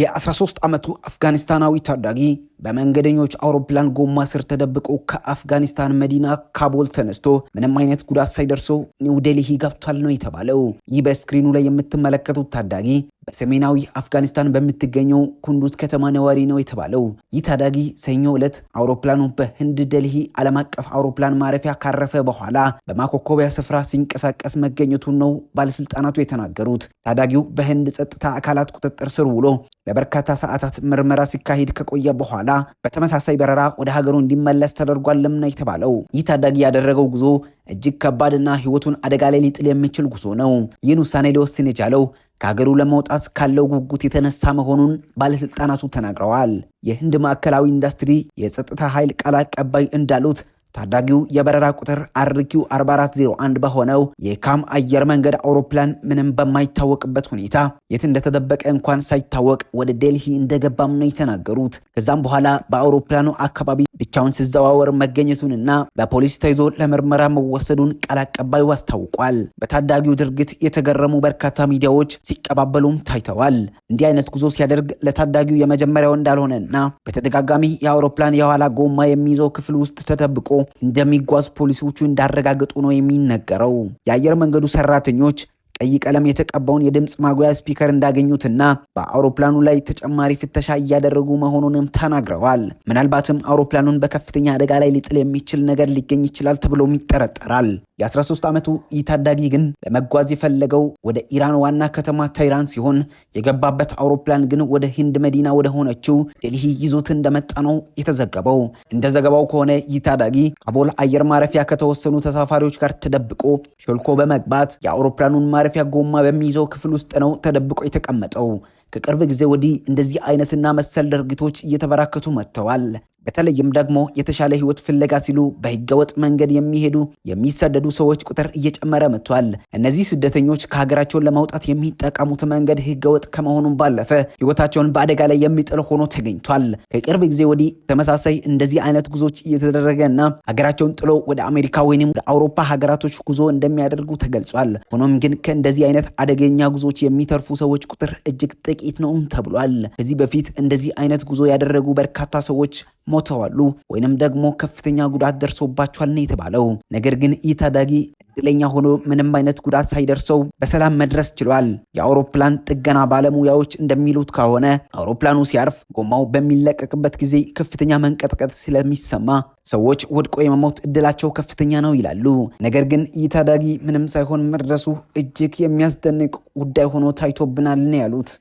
የ13 ዓመቱ አፍጋኒስታናዊ ታዳጊ በመንገደኞች አውሮፕላን ጎማ ስር ተደብቆ ከአፍጋኒስታን መዲና ካቡል ተነስቶ ምንም አይነት ጉዳት ሳይደርሰው ኒውዴልሂ ገብቷል ነው የተባለው። ይህ በስክሪኑ ላይ የምትመለከቱት ታዳጊ በሰሜናዊ አፍጋኒስታን በምትገኘው ኩንዱዝ ከተማ ነዋሪ ነው የተባለው። ይህ ታዳጊ ሰኞ ዕለት አውሮፕላኑ በህንድ ደልሂ ዓለም አቀፍ አውሮፕላን ማረፊያ ካረፈ በኋላ በማኮኮቢያ ስፍራ ሲንቀሳቀስ መገኘቱን ነው ባለስልጣናቱ የተናገሩት። ታዳጊው በህንድ ጸጥታ አካላት ቁጥጥር ስር ውሎ ለበርካታ ሰዓታት ምርመራ ሲካሄድ ከቆየ በኋላ በተመሳሳይ በረራ ወደ ሀገሩ እንዲመለስ ተደርጓል። ለምና የተባለው። ይህ ታዳጊ ያደረገው ጉዞ እጅግ ከባድና ህይወቱን አደጋ ላይ ሊጥል የሚችል ጉዞ ነው። ይህን ውሳኔ ሊወስን የቻለው ከሀገሩ ለመውጣት ካለው ጉጉት የተነሳ መሆኑን ባለስልጣናቱ ተናግረዋል። የህንድ ማዕከላዊ ኢንዱስትሪ የጸጥታ ኃይል ቃል አቀባይ እንዳሉት ታዳጊው የበረራ ቁጥር አርኪው 4401 በሆነው የካም አየር መንገድ አውሮፕላን ምንም በማይታወቅበት ሁኔታ የት እንደተደበቀ እንኳን ሳይታወቅ ወደ ዴልሂ እንደገባም ነው የተናገሩት። ከዛም በኋላ በአውሮፕላኑ አካባቢ ብቻውን ሲዘዋወር መገኘቱንና በፖሊስ ተይዞ ለምርመራ መወሰዱን ቃል አቀባዩ አስታውቋል። በታዳጊው ድርጊት የተገረሙ በርካታ ሚዲያዎች ሲቀባበሉም ታይተዋል። እንዲህ አይነት ጉዞ ሲያደርግ ለታዳጊው የመጀመሪያው እንዳልሆነና በተደጋጋሚ የአውሮፕላን የኋላ ጎማ የሚይዘው ክፍል ውስጥ ተጠብቆ እንደሚጓዝ ፖሊሲዎቹ እንዳረጋገጡ ነው የሚነገረው። የአየር መንገዱ ሰራተኞች ቀይ ቀለም የተቀባውን የድምፅ ማጉያ ስፒከር እንዳገኙትና በአውሮፕላኑ ላይ ተጨማሪ ፍተሻ እያደረጉ መሆኑንም ተናግረዋል። ምናልባትም አውሮፕላኑን በከፍተኛ አደጋ ላይ ሊጥል የሚችል ነገር ሊገኝ ይችላል ተብሎም ይጠረጠራል። የ13 ዓመቱ ይህ ታዳጊ ግን ለመጓዝ የፈለገው ወደ ኢራን ዋና ከተማ ታይራን ሲሆን የገባበት አውሮፕላን ግን ወደ ህንድ መዲና ወደ ሆነችው ዴልሂ ይዞት እንደመጣ ነው የተዘገበው። እንደ ዘገባው ከሆነ ይህ ታዳጊ ካቡል አየር ማረፊያ ከተወሰኑ ተሳፋሪዎች ጋር ተደብቆ ሾልኮ በመግባት የአውሮፕላኑን ማረፊያ ጎማ በሚይዘው ክፍል ውስጥ ነው ተደብቆ የተቀመጠው። ከቅርብ ጊዜ ወዲህ እንደዚህ አይነትና መሰል ድርጊቶች እየተበራከቱ መጥተዋል። በተለይም ደግሞ የተሻለ ህይወት ፍለጋ ሲሉ በህገወጥ መንገድ የሚሄዱ የሚሰደዱ ሰዎች ቁጥር እየጨመረ መጥቷል። እነዚህ ስደተኞች ከሀገራቸውን ለማውጣት የሚጠቀሙት መንገድ ህገወጥ ከመሆኑም ባለፈ ህይወታቸውን በአደጋ ላይ የሚጥል ሆኖ ተገኝቷል። ከቅርብ ጊዜ ወዲህ ተመሳሳይ እንደዚህ አይነት ጉዞዎች እየተደረገና ሀገራቸውን ጥሎ ወደ አሜሪካ ወይም ወደ አውሮፓ ሀገራቶች ጉዞ እንደሚያደርጉ ተገልጿል። ሆኖም ግን ከእንደዚህ አይነት አደገኛ ጉዞዎች የሚተርፉ ሰዎች ቁጥር እጅግ ጥቂት ነው ተብሏል። ከዚህ በፊት እንደዚህ አይነት ጉዞ ያደረጉ በርካታ ሰዎች ሞተዋሉ ወይንም ደግሞ ከፍተኛ ጉዳት ደርሶባቸዋል ነው የተባለው። ነገር ግን ይህ ታዳጊ እድለኛ ሆኖ ምንም አይነት ጉዳት ሳይደርሰው በሰላም መድረስ ችሏል። የአውሮፕላን ጥገና ባለሙያዎች እንደሚሉት ከሆነ አውሮፕላኑ ሲያርፍ ጎማው በሚለቀቅበት ጊዜ ከፍተኛ መንቀጥቀጥ ስለሚሰማ ሰዎች ወድቆ የመሞት እድላቸው ከፍተኛ ነው ይላሉ። ነገር ግን ይህ ታዳጊ ምንም ሳይሆን መድረሱ እጅግ የሚያስደንቅ ጉዳይ ሆኖ ታይቶብናል ነው ያሉት።